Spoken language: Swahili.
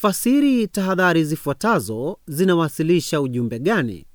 Fasiri tahadhari zifuatazo zinawasilisha ujumbe gani?